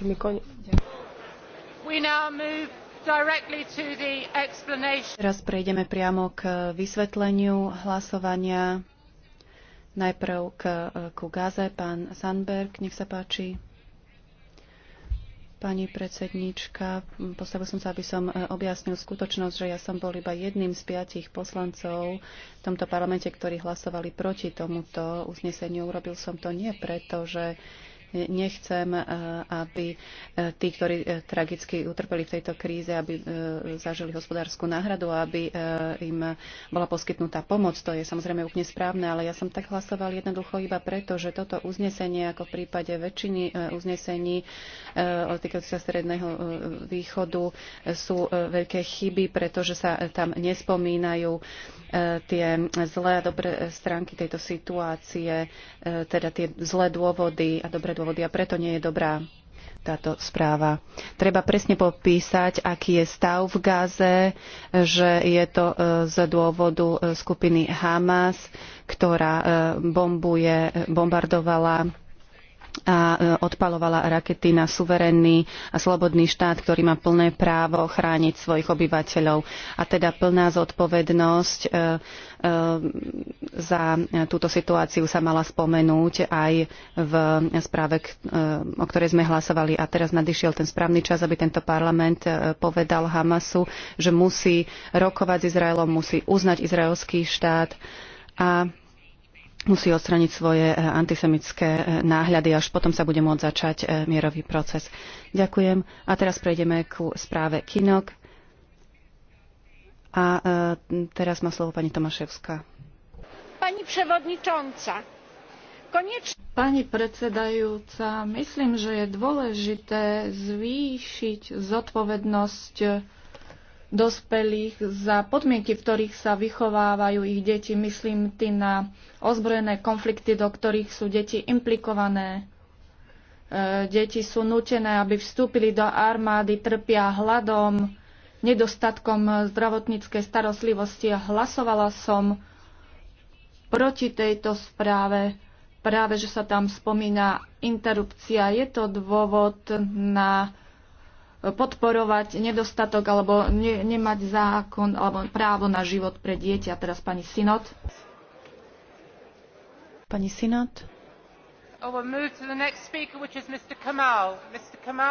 tými koni... Teraz prejdeme priamo k vysvetleniu hlasovania. Najprv k, ku Gaze. Pán Sandberg, nech sa páči. Pani predsednička, postavil som sa, aby som e, objasnil skutočnosť, že ja som bol iba jedným z piatich poslancov v tomto parlamente, ktorí hlasovali proti tomuto uzneseniu. Urobil som to nie preto, že Nechcem, eh, aby eh, tí, ktorí eh, tragicky utrpeli v tejto kríze, aby zažili hospodárskú náhradu a aby im bola poskytnutá pomoc. To je samozrejme úplne správne, ale ja som tak hlasoval jednoducho iba preto, že toto uznesenie, ako v prípade väčšiny uznesení týkajúcich sa Stredného východu, sú veľké chyby, pretože sa tam nespomínajú tie zlé a dobré stránky tejto situácie, teda tie zlé dôvody a dobré dôvody dôvody a preto nie je dobrá táto správa. Treba presne popísať, aký je stav v Gaze, že je to e, z dôvodu e, skupiny Hamas, ktorá e, bombuje, bombardovala a e, odpalovala rakety na suverénny a slobodný štát, ktorý má plné právo chrániť svojich obyvateľov. A teda plná zodpovednosť e, e, za túto situáciu sa mala spomenúť aj v správe, o ktorej sme hlasovali. A teraz nadišiel ten správny čas, aby tento parlament povedal Hamasu, že musí rokovať s Izraelom, musí uznať izraelský štát a musí odstraniť svoje eh, antisemické eh, náhľady, až potom sa bude môcť začať eh, mierový proces. Ďakujem. A teraz prejdeme ku správe Kinok. A teraz má slovo pani Tomaševská. Pani przewodnicząca, koniecznie... Pani predsedajúca, myslím, že je dôležité zvýšiť zodpovednosť dospelých za podmienky, v ktorých sa vychovávajú ich deti. Myslím ty na ozbrojené konflikty, do ktorých sú deti implikované. E, deti sú nutené, aby vstúpili do armády, trpia hladom, nedostatkom zdravotníckej starostlivosti. a Hlasovala som proti tejto správe, práve že sa tam spomína interrupcia. Je to dôvod na podporovať nedostatok alebo ne, nemať zákon alebo právo na život pre dieťa. Teraz pani Synod. Pani Synod. Oh,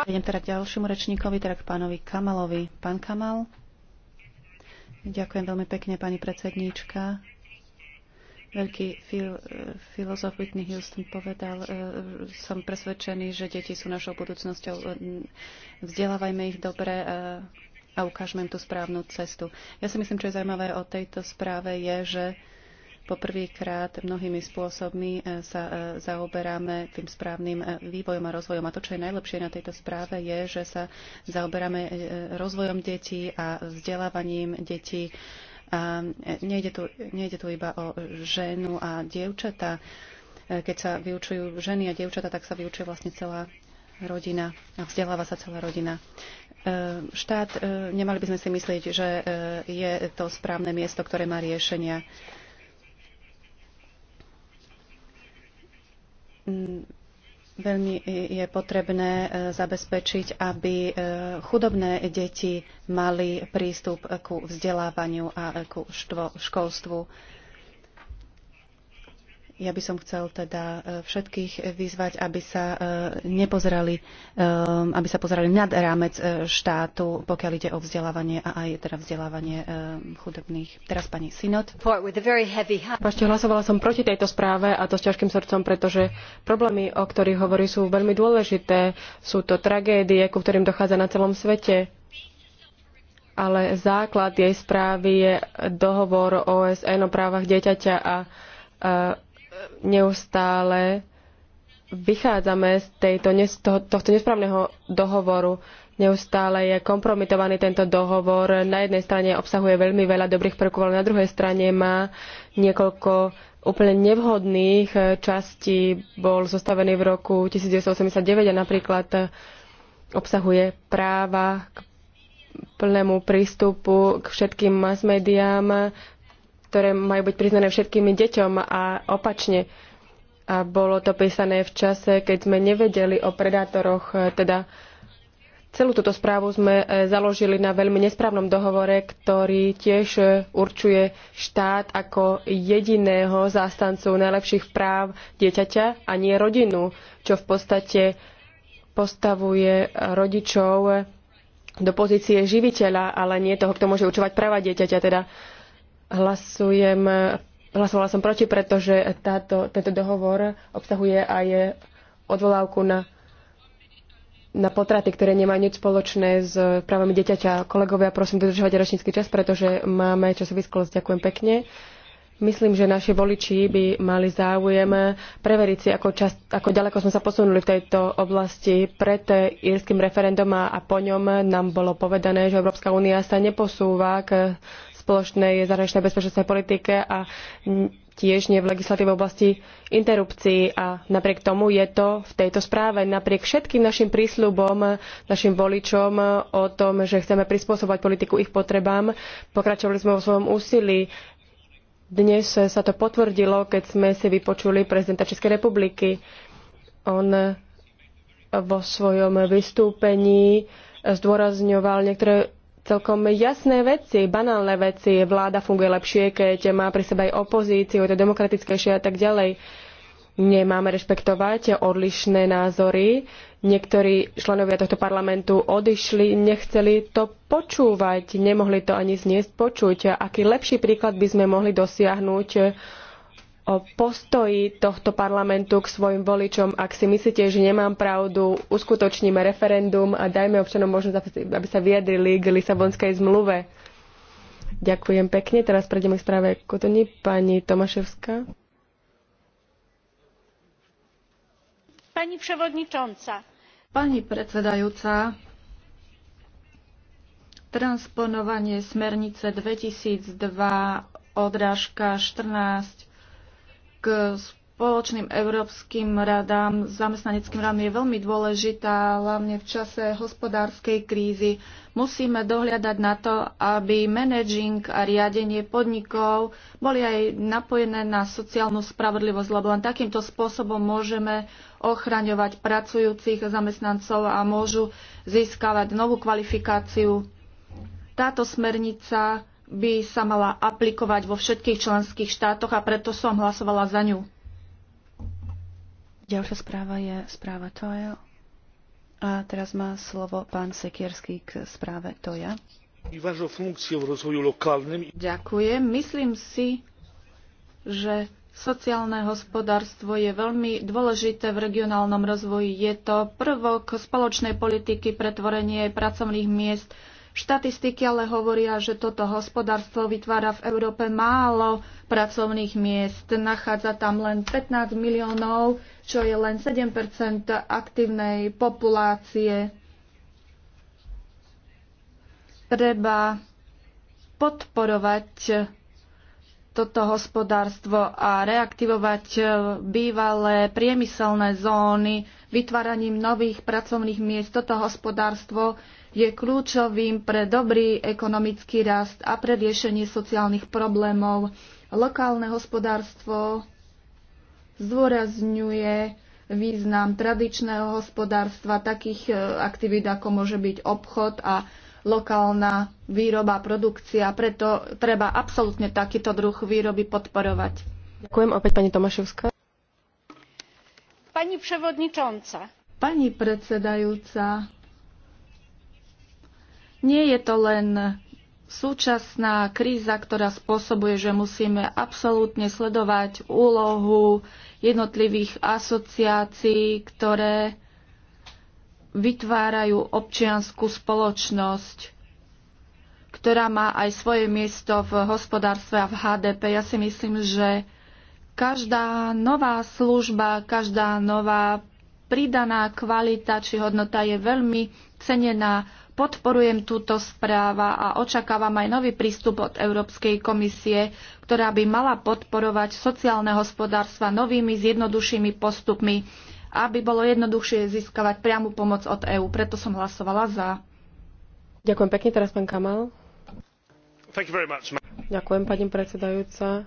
Idem teda k ďalšiemu rečníkovi, teda k pánovi Kamalovi. Pán Kamal. Ďakujem veľmi pekne, pani predsedníčka veľký fil, filozof Whitney Houston povedal, e, som presvedčený, že deti sú našou budúcnosťou. Vzdelávajme ich dobre e, a ukážme im tú správnu cestu. Ja si myslím, čo je zaujímavé o tejto správe je, že poprvýkrát mnohými spôsobmi e, sa zaoberáme tým správnym vývojom a rozvojom. A to, čo je najlepšie na tejto správe, je, že sa zaoberáme rozvojom detí a vzdelávaním detí a nejde tu, nejde tu iba o ženu a dievčata. E, keď sa vyučujú ženy a dievčata, tak sa vyučuje vlastne celá rodina a vzdeláva sa celá rodina. E, štát, e, nemali by sme si myslieť, že je to správne miesto, ktoré má riešenia mm, Veľmi e, je potrebné e, zabezpečiť, aby e, chudobné deti mali prístup ku vzdelávaniu a ku školstvu. Ja by som chcel teda e, všetkých vyzvať, aby sa e, nepozerali, e, aby sa pozerali nad rámec štátu, pokiaľ ide o vzdelávanie a aj teda vzdelávanie chudobných. Teraz pani Sinot. Pašte, hlasovala som proti tejto správe a to s ťažkým srdcom, pretože problémy, o ktorých hovorí, sú veľmi dôležité. Sú to tragédie, ku ktorým dochádza na celom svete ale základ jej správy je dohovor OSN o právach dieťaťa a neustále vychádzame z tejto, toho, tohto nesprávneho dohovoru. Neustále je kompromitovaný tento dohovor. Na jednej strane obsahuje veľmi veľa dobrých prvkov, ale na druhej strane má niekoľko úplne nevhodných eh, častí. Bol zostavený v roku 1989 a napríklad eh, obsahuje práva k plnému prístupu k všetkým mass médiám, ktoré majú byť priznané všetkým deťom a opačne. A bolo to písané v čase, keď sme nevedeli o predátoroch, teda Celú túto správu sme e, založili na veľmi nesprávnom dohovore, ktorý tiež e, určuje štát ako jediného zástancu najlepších práv dieťaťa a nie rodinu, čo v podstate postavuje rodičov e, do pozície živiteľa, ale nie toho, kto môže určovať práva dieťaťa. Teda Hlasujem, hlasovala som proti, pretože táto, tento dohovor obsahuje aj odvolávku na, na potraty, ktoré nemajú nič spoločné s právami dieťaťa. Kolegovia, prosím, dodržovať ročnícky čas, pretože máme časový sklosť. Ďakujem pekne. Myslím, že naši voliči by mali záujem preveriť si, ako, čas, ako ďaleko sme sa posunuli v tejto oblasti pred írským referendum a po ňom nám bolo povedané, že Európska únia sa neposúva k spoločnej zahraničnej bezpečnostnej politike a tiež nie v legislatíve v oblasti interrupcií a napriek tomu je to v tejto správe. Napriek všetkým našim prísľubom, našim voličom o tom, že chceme prispôsobovať politiku ich potrebám, pokračovali sme vo svojom úsilí. Dnes sa to potvrdilo, keď sme si vypočuli prezidenta Českej republiky. On vo svojom vystúpení zdôrazňoval niektoré celkom jasné veci, banálne veci. Vláda funguje lepšie, keď má pri sebe aj opozíciu, je to demokratickejšie a tak ďalej. Nemáme rešpektovať odlišné názory. Niektorí členovia tohto parlamentu odišli, nechceli to počúvať, nemohli to ani zniesť počuť. Aký lepší príklad by sme mohli dosiahnuť postoji tohto parlamentu k svojim voličom. Ak si myslíte, že nemám pravdu, uskutočníme referendum a dajme občanom možnosť, aby sa vyjadrili k Lisabonskej zmluve. Ďakujem pekne. Teraz prejdeme k správe Kotoni. Pani Tomaševská. Pani převodničonca. Pani predsedajúca, transponovanie smernice 2002 odrážka 14 k spoločným európskym radám, zamestnaneckým radám je veľmi dôležitá, hlavne v čase hospodárskej krízy. Musíme dohľadať na to, aby managing a riadenie podnikov boli aj napojené na sociálnu spravodlivosť, lebo len takýmto spôsobom môžeme ochraňovať pracujúcich zamestnancov a môžu získavať novú kvalifikáciu. Táto smernica by sa mala aplikovať vo všetkých členských štátoch a preto som hlasovala za ňu. Ďalšia správa je správa Toja. A teraz má slovo pán Sekierský k správe Toja. Ďakujem. Myslím si, že sociálne hospodárstvo je veľmi dôležité v regionálnom rozvoji. Je to prvok spoločnej politiky pre tvorenie pracovných miest Štatistiky ale hovoria, že toto hospodárstvo vytvára v Európe málo pracovných miest. Nachádza tam len 15 miliónov, čo je len 7 aktívnej populácie. Treba podporovať toto hospodárstvo a reaktivovať bývalé priemyselné zóny vytváraním nových pracovných miest. Toto hospodárstvo je kľúčovým pre dobrý ekonomický rast a pre riešenie sociálnych problémov. Lokálne hospodárstvo zdôrazňuje význam tradičného hospodárstva, takých e, aktivít, ako môže byť obchod a lokálna výroba, produkcia. Preto treba absolútne takýto druh výroby podporovať. Ďakujem opäť pani Tomaševská. Pani przewodnicząca. Pani predsedajúca, nie je to len súčasná kríza, ktorá spôsobuje, že musíme absolútne sledovať úlohu jednotlivých asociácií, ktoré vytvárajú občianskú spoločnosť, ktorá má aj svoje miesto v hospodárstve a v HDP. Ja si myslím, že každá nová služba, každá nová pridaná kvalita či hodnota je veľmi cenená podporujem túto správa a očakávam aj nový prístup od Európskej komisie, ktorá by mala podporovať sociálne hospodárstva novými zjednodušými postupmi, aby bolo jednoduchšie získavať priamu pomoc od EÚ. Preto som hlasovala za. Ďakujem pekne teraz, pán Kamal. Much, Ďakujem, pani predsedajúca.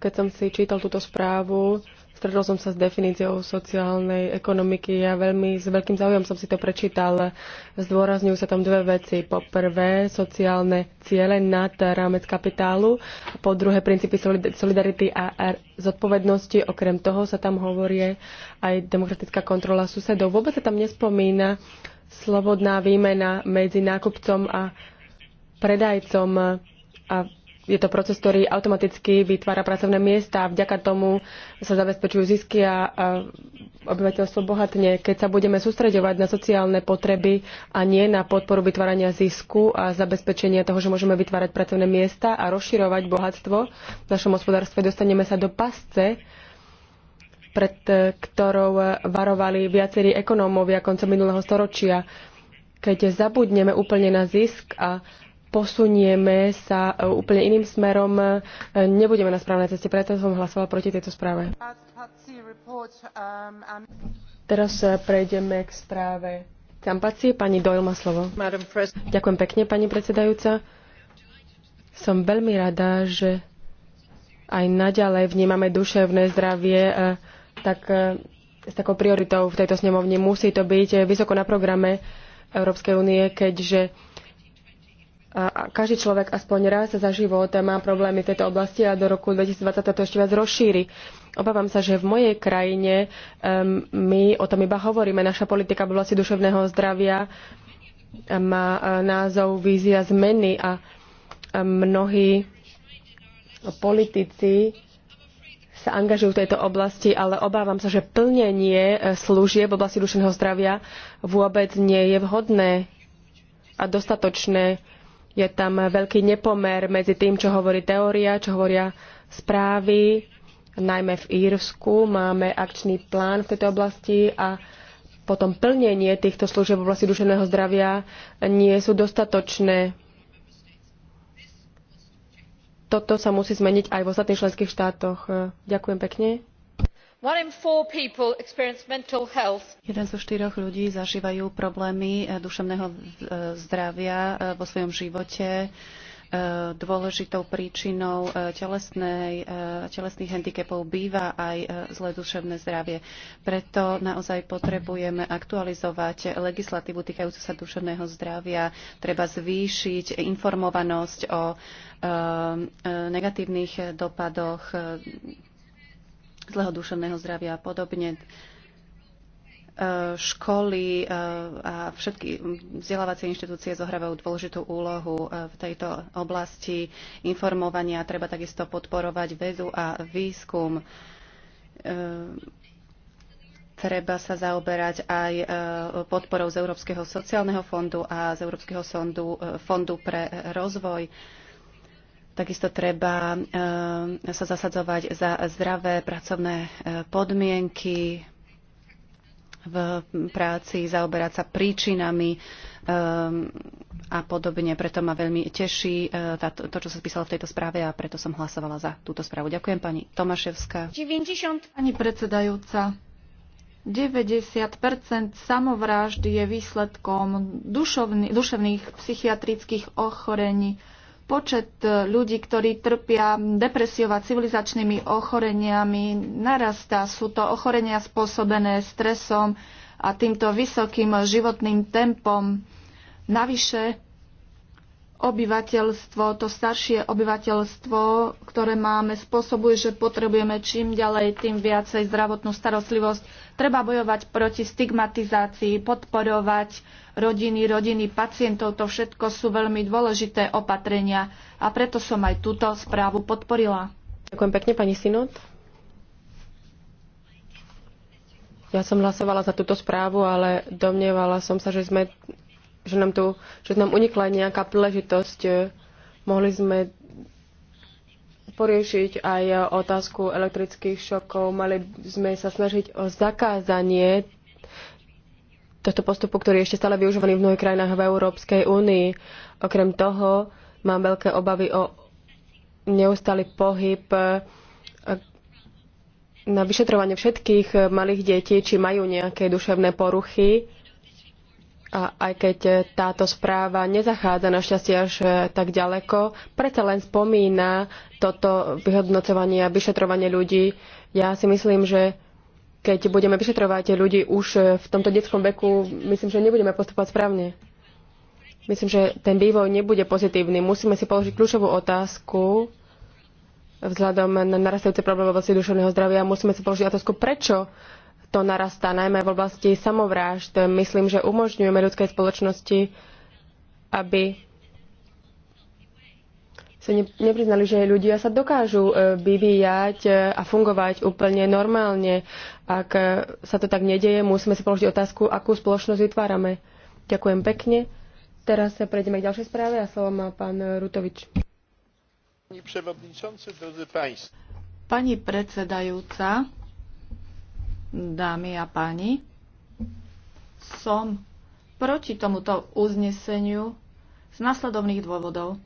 Keď som si čítal túto správu, Stretol som sa s definíciou sociálnej ekonomiky a ja veľmi, s veľkým záujom som si to prečítal. Zdôrazňujú sa tam dve veci. Po prvé, sociálne ciele nad rámec kapitálu. A po druhé, princípy solidarity a zodpovednosti. Okrem toho sa tam hovorí aj demokratická kontrola susedov. Vôbec sa tam nespomína slobodná výmena medzi nákupcom a predajcom a je to proces, ktorý automaticky vytvára pracovné miesta a vďaka tomu sa zabezpečujú zisky a, obyvateľstvo bohatne. Keď sa budeme sústreďovať na sociálne potreby a nie na podporu vytvárania zisku a zabezpečenia toho, že môžeme vytvárať pracovné miesta a rozširovať bohatstvo v našom hospodárstve, dostaneme sa do pasce, pred ktorou varovali viacerí ekonómovia koncom minulého storočia. Keď zabudneme úplne na zisk a posunieme sa e, úplne iným smerom, e, nebudeme na správnej ceste, preto som hlasoval proti tejto správe. Teraz e, prejdeme k správe Kampaci. Pani Doyle má slovo. Ďakujem pekne, pani predsedajúca. Som veľmi rada, že aj naďalej vnímame duševné zdravie tak s takou prioritou v tejto snemovni. Musí to byť vysoko na programe Európskej únie, keďže každý človek aspoň raz za život má problémy v tejto oblasti a do roku 2020 to ešte viac rozšíri. Obávam sa, že v mojej krajine um, my o tom iba hovoríme. Naša politika v oblasti duševného zdravia má e, názov Vízia zmeny a mnohí politici sa angažujú v tejto oblasti, ale obávam sa, že plnenie e, služieb v oblasti duševného zdravia vôbec nie je vhodné a dostatočné je tam veľký nepomer medzi tým, čo hovorí teória, čo hovoria správy. Najmä v Írsku máme akčný plán v tejto oblasti a potom plnenie týchto služieb v oblasti duševného zdravia nie sú dostatočné. Toto sa musí zmeniť aj v ostatných členských štátoch. Ďakujem pekne jeden zo štyroch ľudí zažívajú problémy eh, duševného eh, zdravia eh, vo svojom živote dôležitou príčinou telesných handicapov býva aj zlé duševné zdravie. Preto naozaj potrebujeme aktualizovať legislatívu týkajúcu sa duševného zdravia. Treba zvýšiť informovanosť o negatívnych dopadoch zlého duševného zdravia a podobne e, školy e, a všetky vzdelávacie inštitúcie zohrávajú dôležitú úlohu e, v tejto oblasti informovania. Treba takisto podporovať vedu a výskum. Treba sa zaoberať aj podporou z Európskeho sociálneho fondu a z Európskeho fondu, fondu pre rozvoj. Takisto treba eh, sa zasadzovať za zdravé pracovné eh, podmienky v práci, zaoberať sa príčinami eh, a podobne. Preto ma veľmi teší to, čo sa spísalo v tejto správe a preto som hlasovala za túto správu. Ďakujem pani Tomaševská. Pani predsedajúca, 90 samovrážd je výsledkom duševných psychiatrických ochorení Počet e, ľudí, ktorí trpia depresiou a civilizačnými ochoreniami narastá. Sú to ochorenia spôsobené stresom a týmto vysokým životným tempom. Navyše obyvateľstvo, to staršie obyvateľstvo, ktoré máme, spôsobuje, že potrebujeme čím ďalej, tým viacej zdravotnú starostlivosť. Treba bojovať proti stigmatizácii, podporovať rodiny, rodiny pacientov. To všetko sú veľmi dôležité opatrenia a preto som aj túto správu podporila. Ďakujem pekne, pani Sinot. Ja som hlasovala za túto správu, ale domnievala som sa, že sme že nám tu, že nám unikla nejaká príležitosť. E, mohli sme poriešiť aj otázku elektrických šokov. Mali sme sa snažiť o zakázanie tohto postupu, ktorý je ešte stále využívaný v mnohých krajinách v Európskej únii. Okrem toho mám veľké obavy o neustály pohyb e, na vyšetrovanie všetkých malých detí, či majú nejaké duševné poruchy a aj keď e, táto správa nezachádza na šťastie až e, tak ďaleko, predsa len spomína toto vyhodnocovanie a vyšetrovanie ľudí. Ja si myslím, že keď budeme vyšetrovať ľudí už e, v tomto detskom veku, myslím, že nebudeme postupovať správne. Myslím, že ten vývoj nebude pozitívny. Musíme si položiť kľúčovú otázku vzhľadom na narastajúce problémy v oblasti duševného zdravia. Musíme si položiť otázku, prečo to narastá najmä v oblasti samovrážd. Myslím, že umožňujeme ľudskej spoločnosti, aby sa nepriznali, že ľudia sa dokážu e, vyvíjať e, a fungovať úplne normálne. Ak e, sa to tak nedeje, musíme si položiť otázku, akú spoločnosť vytvárame. Ďakujem pekne. Teraz sa prejdeme k ďalšej správe a slovo má pán Rutovič. Pani predsedajúca, Dámy a páni, som proti tomuto uzneseniu z následovných dôvodov.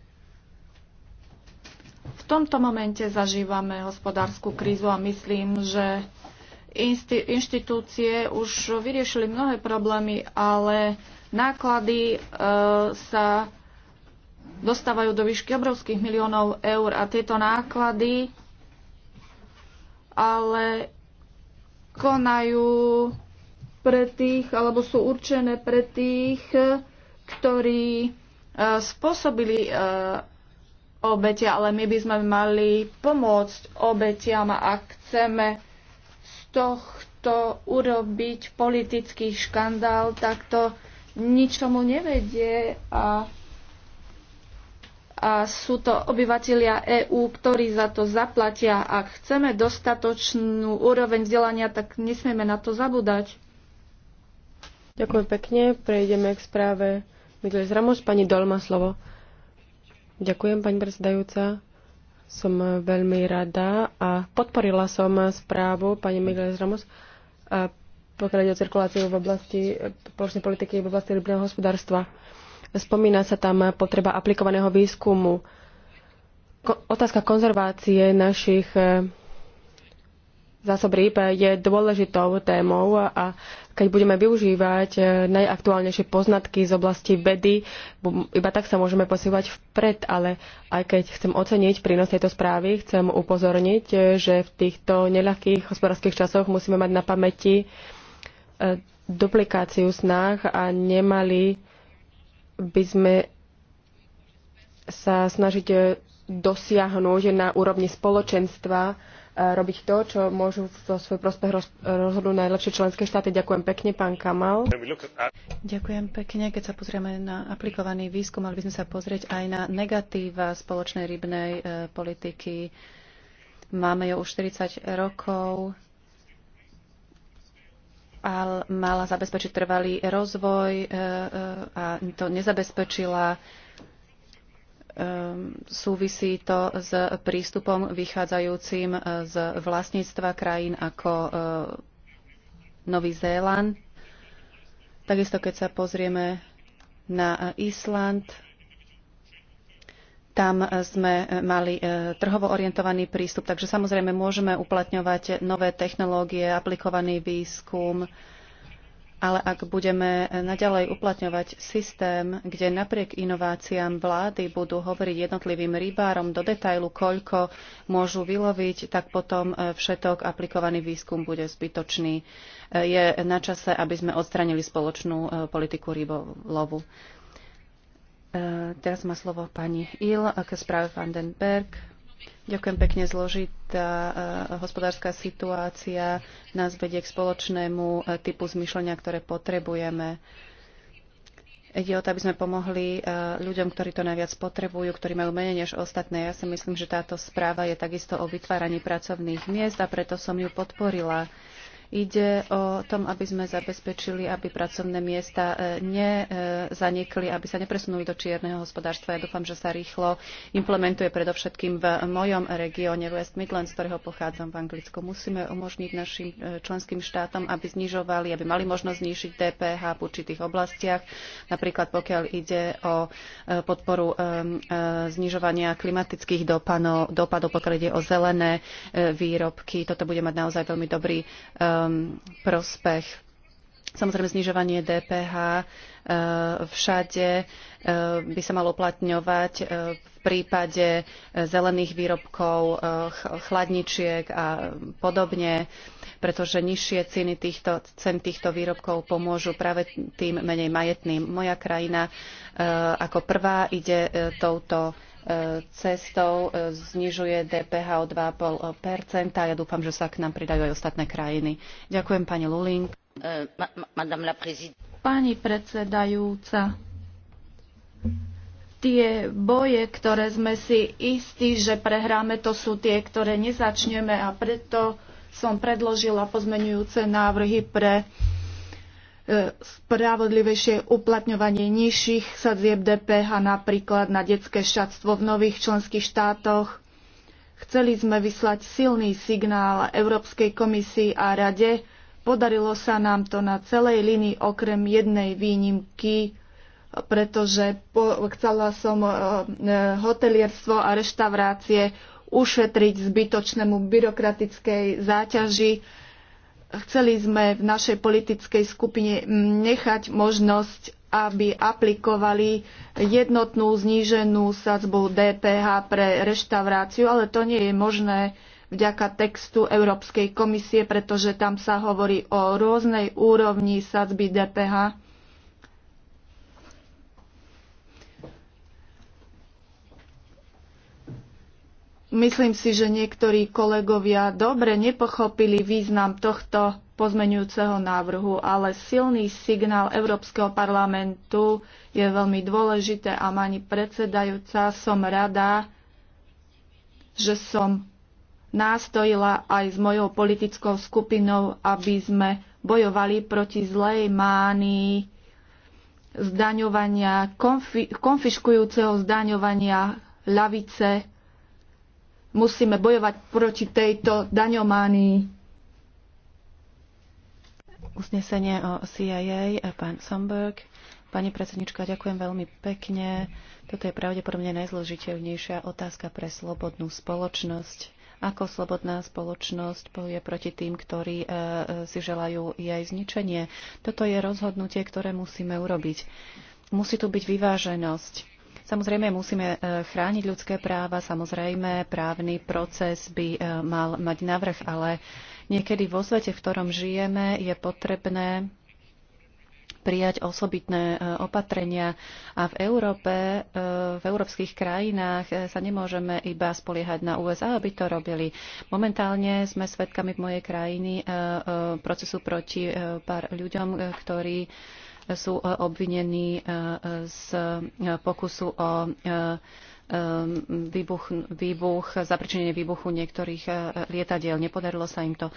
V tomto momente zažívame hospodárskú krízu a myslím, že inštitúcie už vyriešili mnohé problémy, ale náklady e, sa dostávajú do výšky obrovských miliónov eur a tieto náklady ale konajú pre tých, alebo sú určené pre tých, ktorí e, spôsobili e, obete, ale my by sme mali pomôcť obetiam a chceme z tohto urobiť politický škandál, tak to ničomu nevedie a a sú to obyvatelia EÚ, ktorí za to zaplatia. Ak chceme dostatočnú úroveň vzdelania, tak nesmieme na to zabúdať. Ďakujem pekne. Prejdeme k správe Miguel Ramos. Pani Dolma slovo. Ďakujem, pani predsedajúca. Som veľmi rada a podporila som správu pani Miguel Ramos pokiaľ ide o cirkuláciu v oblasti spoločnej politiky v oblasti rybného hospodárstva. Spomína sa tam potreba aplikovaného výskumu. Ko- otázka konzervácie našich e, zásob rýb je dôležitou témou a keď budeme využívať e, najaktuálnejšie poznatky z oblasti vedy, iba tak sa môžeme posúvať vpred, ale aj keď chcem oceniť prínos tejto správy, chcem upozorniť, e, že v týchto neľahkých hospodárskych časoch musíme mať na pamäti duplikáciu snah a nemali by sme sa snažiť dosiahnuť na úrovni spoločenstva e, robiť to, čo môžu vo svoj prospech rozhodnúť najlepšie členské štáty. Ďakujem pekne, pán Kamal. Ďakujem pekne. Keď sa pozrieme na aplikovaný výskum, mali by sme sa pozrieť aj na negatíva spoločnej rybnej e, politiky. Máme ju už 40 rokov mala zabezpečiť trvalý rozvoj e, e, a to nezabezpečila. E, súvisí to s prístupom vychádzajúcim z vlastníctva krajín ako Nový Zéland. Takisto, keď sa pozrieme na Island, tam e, sme e, mali e, trhovo orientovaný prístup, takže samozrejme môžeme uplatňovať nové technológie, aplikovaný výskum, ale ak budeme naďalej uplatňovať systém, kde napriek inováciám vlády budú hovoriť jednotlivým rybárom do detailu, koľko môžu vyloviť, tak potom všetok aplikovaný výskum bude zbytočný. Je na čase, aby sme odstranili spoločnú politiku rybolovu. E, teraz má slovo pani Il k správe Berg. Ďakujem pekne. Zložitá e, hospodárska situácia nás vedie k spoločnému e, typu zmyšľania, ktoré potrebujeme. Ide o to, aby sme pomohli ľuďom, ktorí to najviac potrebujú, ktorí majú menej než ostatné. Ja si myslím, že táto správa je takisto o vytváraní pracovných miest a preto som ju podporila. Ide o tom, aby sme zabezpečili, aby pracovné miesta e, nezanikli, aby sa nepresunuli do čierneho hospodárstva. Ja dúfam, že sa rýchlo implementuje predovšetkým v mojom regióne West Midlands, z ktorého pochádzam v Anglicku. Musíme umožniť našim e, členským štátom, aby znižovali, aby mali možnosť znižiť DPH v určitých oblastiach, napríklad pokiaľ ide o e, podporu znižovania klimatických dopadov, dopadov pokiaľ ide o zelené výrobky. Toto bude mať naozaj veľmi dobrý Um, prospech. Samozrejme, znižovanie DPH uh, všade uh, by sa malo uplatňovať uh, v prípade zelených výrobkov, chladničiek a podobne, pretože nižšie ceny týchto, cen týchto výrobkov pomôžu práve tým menej majetným. Moja krajina ako prvá ide touto cestou e, znižuje DPH o 2,5 Ja dúfam, že sa k nám pridajú aj ostatné krajiny. Ďakujem pani Luling. E, pani predsedajúca, tie boje, ktoré sme si istí, že prehráme, to sú tie, ktoré nezačneme a preto som predložila pozmenujúce návrhy pre E, spravodlivejšie uplatňovanie nižších sadzieb DPH napríklad na detské šatstvo v nových členských štátoch. Chceli sme vyslať silný signál Európskej komisii a Rade. Podarilo sa nám to na celej línii okrem jednej výnimky, pretože po, chcela som e, e, hotelierstvo a reštaurácie ušetriť zbytočnému byrokratickej záťaži Chceli sme v našej politickej skupine nechať možnosť, aby aplikovali jednotnú zníženú sadzbu DPH pre reštauráciu, ale to nie je možné vďaka textu Európskej komisie, pretože tam sa hovorí o rôznej úrovni sadzby DPH Myslím si, že niektorí kolegovia dobre nepochopili význam tohto pozmeňujúceho návrhu, ale silný signál Európskeho parlamentu je veľmi dôležité a mani predsedajúca som rada, že som nástojila aj s mojou politickou skupinou, aby sme bojovali proti zlej mánii zdaňovania, konfi- konfiškujúceho zdaňovania ľavice Musíme bojovať proti tejto daňománii. Uznesenie o CIA, eh, pán Somberg. Pani predsednička, ďakujem veľmi pekne. Toto je pravdepodobne najzložiteľnejšia otázka pre slobodnú spoločnosť ako slobodná spoločnosť bojuje proti tým, ktorí eh, eh, si želajú jej zničenie. Toto je rozhodnutie, ktoré musíme urobiť. Musí tu byť vyváženosť Samozrejme musíme e, chrániť ľudské práva, samozrejme právny proces by e, mal mať navrh, ale niekedy vo svete, v ktorom žijeme, je potrebné prijať osobitné e, opatrenia. A v Európe, v európskych krajinách sa nemôžeme iba spoliehať na USA, aby to robili. Momentálne sme svedkami v mojej krajiny procesu proti pár ľuďom, ktorí sú eh, obvinení eh, z eh, pokusu o výbuch, výbuch zapričenie výbuchu niektorých lietadiel. Nepodarilo sa im to.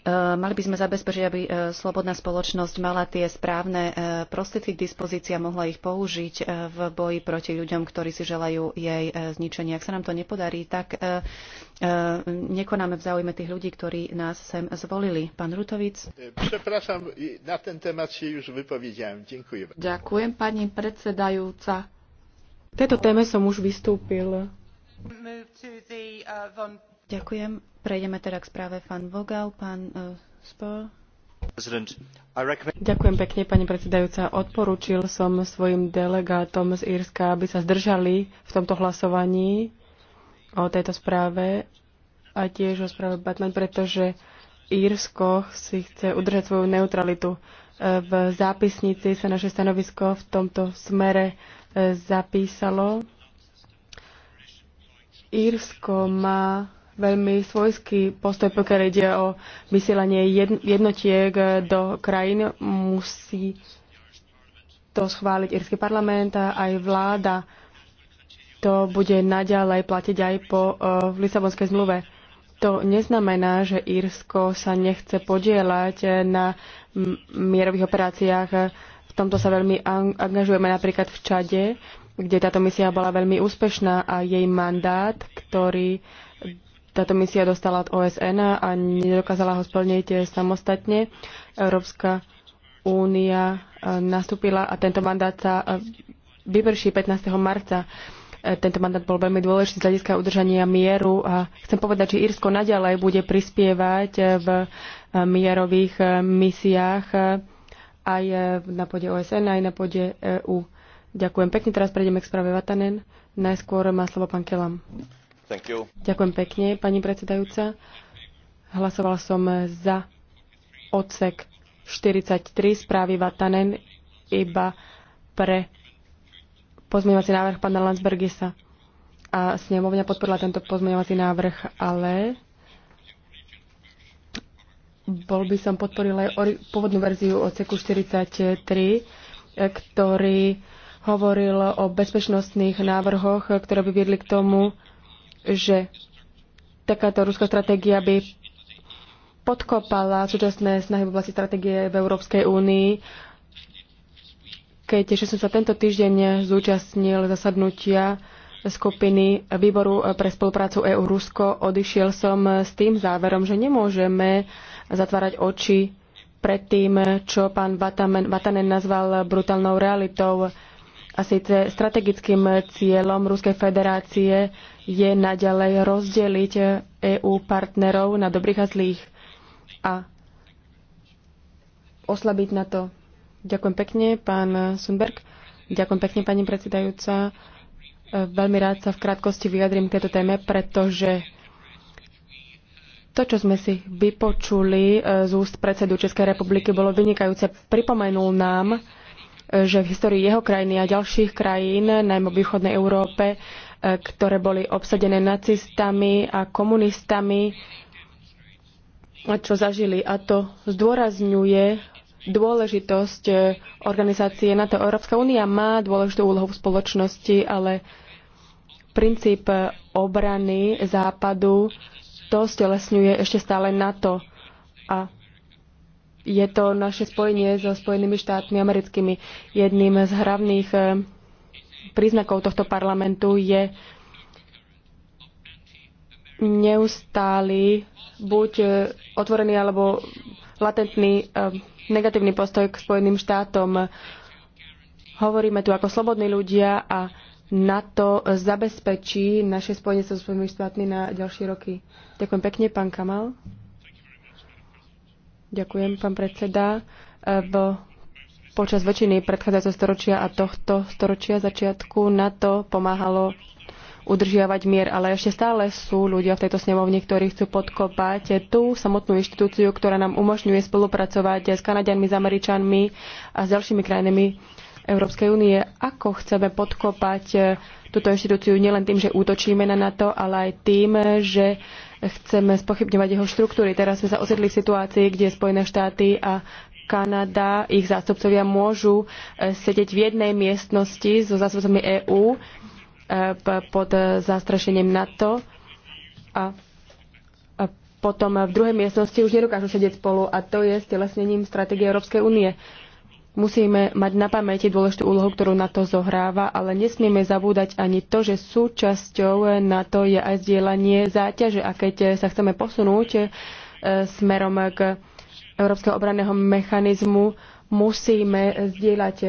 E, mali by sme zabezpečiť, aby e, slobodná spoločnosť mala tie správne e, prostriedky k dispozícii a mohla ich použiť v boji proti ľuďom, ktorí si želajú jej zničenie. Ak sa nám to nepodarí, tak nekonáme v záujme tých ľudí, ktorí nás sem zvolili. Pán Rutovic. Przepraszam, na ten témat si už wypowiedziałem. Ďakujem. Ďakujem, pani predsedajúca. V tejto téme som už vystúpil. Ďakujem. Prejdeme teda k správe pán Vogel, pán uh, e, Spor. Ďakujem pekne, pani predsedajúca. Odporučil som svojim delegátom z Írska, aby sa zdržali v tomto hlasovaní o tejto správe a tiež o správe Batman, pretože Írsko si chce udržať svoju neutralitu. E, v zápisnici sa naše stanovisko v tomto smere e, zapísalo. Írsko má veľmi svojský postoj, pokiaľ ide o vysielanie jednotiek do krajín. Musí to schváliť Irský parlament a aj vláda. To bude naďalej platiť aj po uh, Lisabonskej zmluve. To neznamená, že Írsko sa nechce podielať na mierových operáciách. V tomto sa veľmi angažujeme napríklad v Čade, kde táto misia bola veľmi úspešná a jej mandát, ktorý uh, táto misia dostala od OSN a nedokázala ho splniť eh, samostatne. Európska únia eh, nastúpila a tento mandát sa eh, vyvrší 15. marca. Tento mandát bol veľmi dôležitý z hľadiska udržania mieru a chcem povedať, že Írsko naďalej bude prispievať v mierových misiách aj na pôde OSN, aj na pôde EU. Ďakujem pekne. Teraz prejdeme k správe Vatanen. Najskôr má slovo pán Kelam. Ďakujem pekne, pani predsedajúca. Hlasovala som za odsek 43 správy Vatanen iba pre pozmeňovací návrh pána Landsbergisa. A snemovňa podporila tento pozmeňovací návrh, ale bol by som podporil aj pôvodnú verziu odseku 43, ktorý hovoril o bezpečnostných návrhoch, ktoré by viedli k tomu, že takáto ruská stratégia by podkopala súčasné snahy v oblasti stratégie v Európskej únii. Keď tiež som sa tento týždeň zúčastnil zasadnutia skupiny Výboru pre spoluprácu EU-Rusko, odišiel som s tým záverom, že nemôžeme zatvárať oči pred tým, čo pán Vatanen nazval brutálnou realitou a síce strategickým cieľom Ruskej federácie je naďalej rozdeliť EÚ partnerov na dobrých a zlých a oslabiť na to. Ďakujem pekne, pán Sundberg. Ďakujem pekne, pani predsedajúca. Veľmi rád sa v krátkosti vyjadrím k tejto téme, pretože to, čo sme si vypočuli eh, z úst predsedu Českej republiky, bolo vynikajúce. Pripomenul nám, že v histórii jeho krajiny a ďalších krajín, najmä v východnej Európe, e, ktoré boli obsadené nacistami a komunistami, čo zažili. A to zdôrazňuje dôležitosť e, organizácie NATO. Európska únia má dôležitú úlohu v spoločnosti, ale princíp e, obrany Západu to stelesňuje ešte stále NATO. A je to naše spojenie so Spojenými štátmi americkými. Jedným z hlavných eh, príznakov tohto parlamentu je neustály, buď eh, otvorený alebo latentný eh, negatívny postoj k Spojeným štátom. Hovoríme tu ako slobodní ľudia a na to zabezpečí naše spojenie so Spojenými štátmi na ďalšie roky. Ďakujem pekne, pán Kamal. Ďakujem, pán predseda. V, e, počas väčšiny predchádzajúceho storočia a tohto storočia začiatku NATO pomáhalo udržiavať mier, ale ešte stále sú ľudia v tejto snemovni, ktorí chcú podkopať tú samotnú inštitúciu, ktorá nám umožňuje spolupracovať s Kanadianmi, s Američanmi a s ďalšími krajinami Európskej únie. Ako chceme podkopať e, túto inštitúciu nielen tým, že útočíme na NATO, ale aj tým, že chceme spochybňovať jeho štruktúry. Teraz sme sa ocitli v situácii, kde Spojené štáty a Kanada, ich zástupcovia môžu e, sedieť v jednej miestnosti so zástupcami EÚ e, pod e, zastrašením NATO a potom v druhej miestnosti už nedokážu sedieť spolu a to je stelesnením stratégie Európskej únie. Musíme mať na pamäti dôležitú úlohu, ktorú na to zohráva, ale nesmieme zabúdať ani to, že súčasťou na to je aj zdieľanie záťaže. A keď sa chceme posunúť e, smerom k Európskeho obranného mechanizmu, musíme zdieľať e,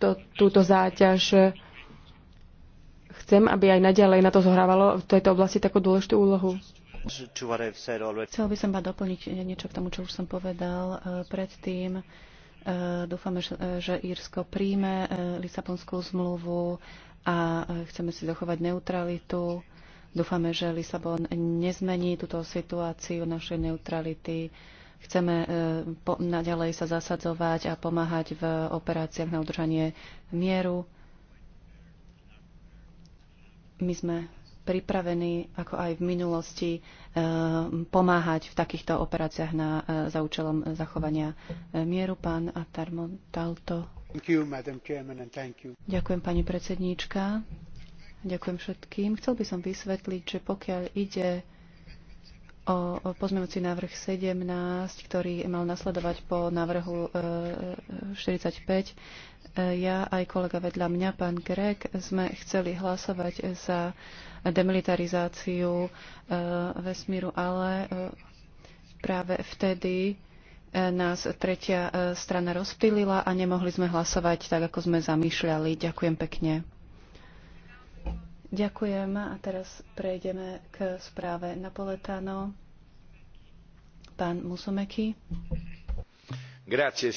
to, túto záťaž. Chcem, aby aj naďalej to zohrávalo v tejto oblasti takú dôležitú úlohu. Chcel by som vám doplniť niečo k tomu, čo už som povedal e, predtým. E, dúfame, e, že Írsko príjme e, Lisabonskú zmluvu a chceme si dochovať neutralitu. Dúfame, že Lisabon nezmení túto situáciu našej neutrality. Chceme naďalej sa zasadzovať a pomáhať v operáciách na udržanie mieru. My sme pripravení, ako aj v minulosti, eh, pomáhať v takýchto operáciách na, eh, za účelom zachovania eh, mieru. Pán Atarmon Talto. Ďakujem, pani predsedníčka. Ďakujem všetkým. Chcel by som vysvetliť, že pokiaľ ide o pozmeňujúci návrh 17, ktorý mal nasledovať po návrhu 45. E, e, e, ja aj kolega vedľa mňa, pán Grek, sme chceli hlasovať za demilitarizáciu vesmíru, ale práve vtedy nás tretia strana rozptýlila a nemohli sme hlasovať tak, ako sme zamýšľali. Ďakujem pekne. Ďakujem a teraz prejdeme k správe Napoletano. Pán Musumeky. Grazie,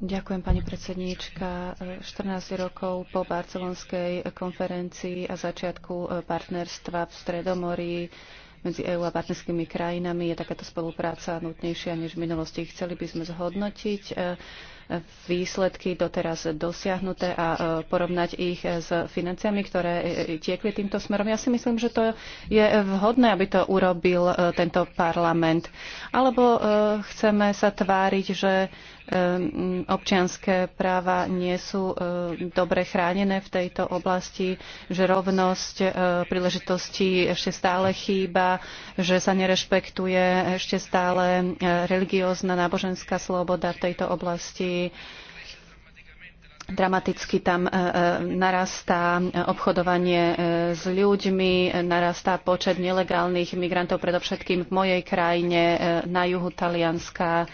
Ďakujem, pani predsedníčka. 14 rokov po barcelonskej konferencii a začiatku partnerstva v Stredomorí medzi EÚ a partnerskými krajinami je takáto spolupráca nutnejšia než v minulosti. Chceli by sme zhodnotiť výsledky doteraz dosiahnuté a e, porovnať ich e, s financiami, ktoré e, tiekli týmto smerom. Ja si myslím, že to je vhodné, aby to urobil tento parlament. Alebo chceme sa tváriť, že občianské práva nie sú dobre chránené v tejto oblasti, že rovnosť príležitostí ešte stále chýba, že sa nerešpektuje ešte stále religiózna náboženská sloboda v tejto oblasti dramaticky tam e, e, narastá obchodovanie e, s ľuďmi, narastá počet nelegálnych migrantov, predovšetkým v mojej krajine na juhu Talianska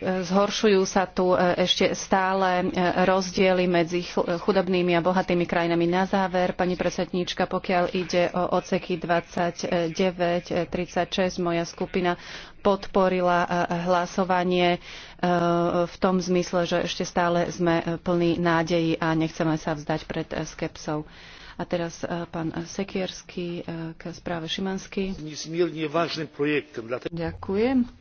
Zhoršujú sa tu ešte stále rozdiely medzi chudobnými a bohatými krajinami. Na záver, pani predsedníčka, pokiaľ ide o oceky 29, 36, moja skupina podporila hlasovanie v tom zmysle, že ešte stále sme plní nádejí a nechceme sa vzdať pred skepsou. A teraz pán Sekierský k správe Šimanský. Ďakujem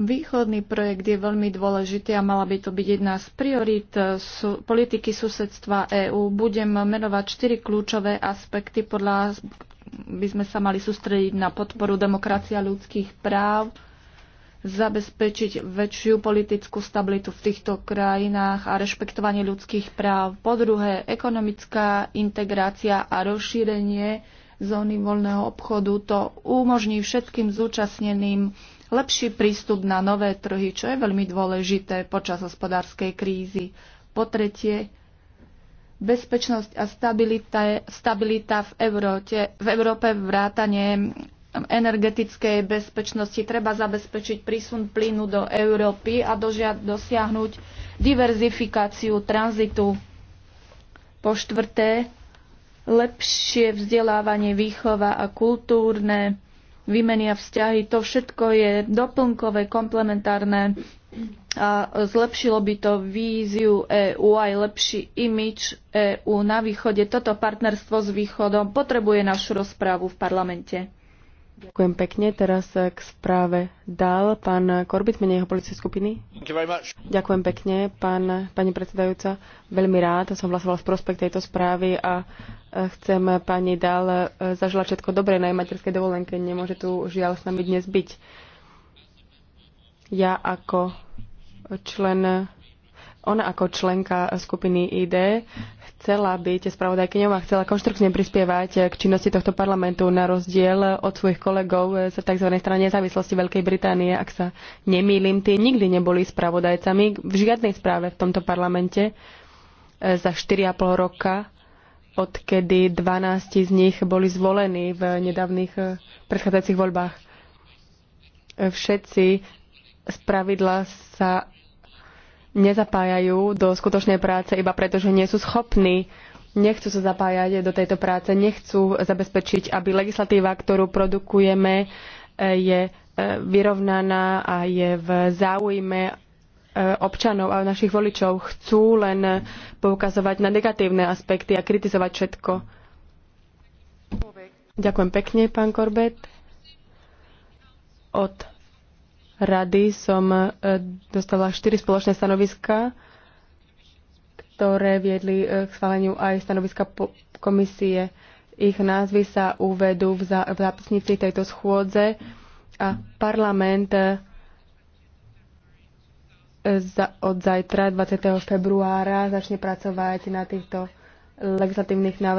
Východný projekt je veľmi dôležitý a mala by to byť jedna z priorít eh, su- politiky susedstva EÚ. Budem menovať štyri kľúčové aspekty, podľa by sme sa mali sústrediť na podporu demokracia ľudských práv, zabezpečiť väčšiu politickú stabilitu v týchto krajinách a rešpektovanie ľudských práv. Po druhé, ekonomická integrácia a rozšírenie zóny voľného obchodu. To umožní všetkým zúčastneným lepší prístup na nové trhy, čo je veľmi dôležité počas hospodárskej krízy. Po tretie, bezpečnosť a stabilita, stabilita v, Európe, v Európe vrátanie energetickej bezpečnosti treba zabezpečiť prísun plynu do Európy a dožia, dosiahnuť diverzifikáciu tranzitu. Po štvrté, lepšie vzdelávanie, výchova a kultúrne Vymenia vzťahy. To všetko je doplnkové, komplementárne a zlepšilo by to víziu EÚ aj lepší imič EÚ na východe. Toto partnerstvo s východom potrebuje našu rozprávu v parlamente. Ďakujem pekne. Teraz eh, k správe dal pán Korbit, menej jeho policie skupiny. Ďakujem pekne, pán, pani predsedajúca. Veľmi rád som hlasoval v prospekt tejto správy a eh, chcem pani dal eh, zažila všetko dobré na jej materskej dovolenke. Nemôže tu žiaľ s nami dnes byť. Ja ako člen ona ako členka skupiny ID chcela byť spravodajkyňou a chcela konštruktívne prispievať k činnosti tohto parlamentu na rozdiel od svojich kolegov z tzv. strany nezávislosti Veľkej Británie. Ak sa nemýlim, tie nikdy neboli spravodajcami v žiadnej správe v tomto parlamente e, za 4,5 roka odkedy 12 z nich boli zvolení v nedávnych e, predchádzajúcich voľbách. E, všetci z pravidla sa nezapájajú do skutočnej práce iba preto, že nie sú schopní, nechcú sa zapájať do tejto práce, nechcú zabezpečiť, aby legislatíva, ktorú produkujeme, e, je e, vyrovnaná a je v záujme e, občanov a našich voličov. Chcú len poukazovať na negatívne aspekty a kritizovať všetko. Ďakujem pekne, pán Korbet. Od rady som e, dostala štyri spoločné stanoviska, ktoré viedli e, k schváleniu aj stanoviska komisie. Ich názvy sa uvedú v zápisnici tejto schôdze a parlament e, od zajtra 20. februára začne pracovať na týchto legislatívnych návrhoch.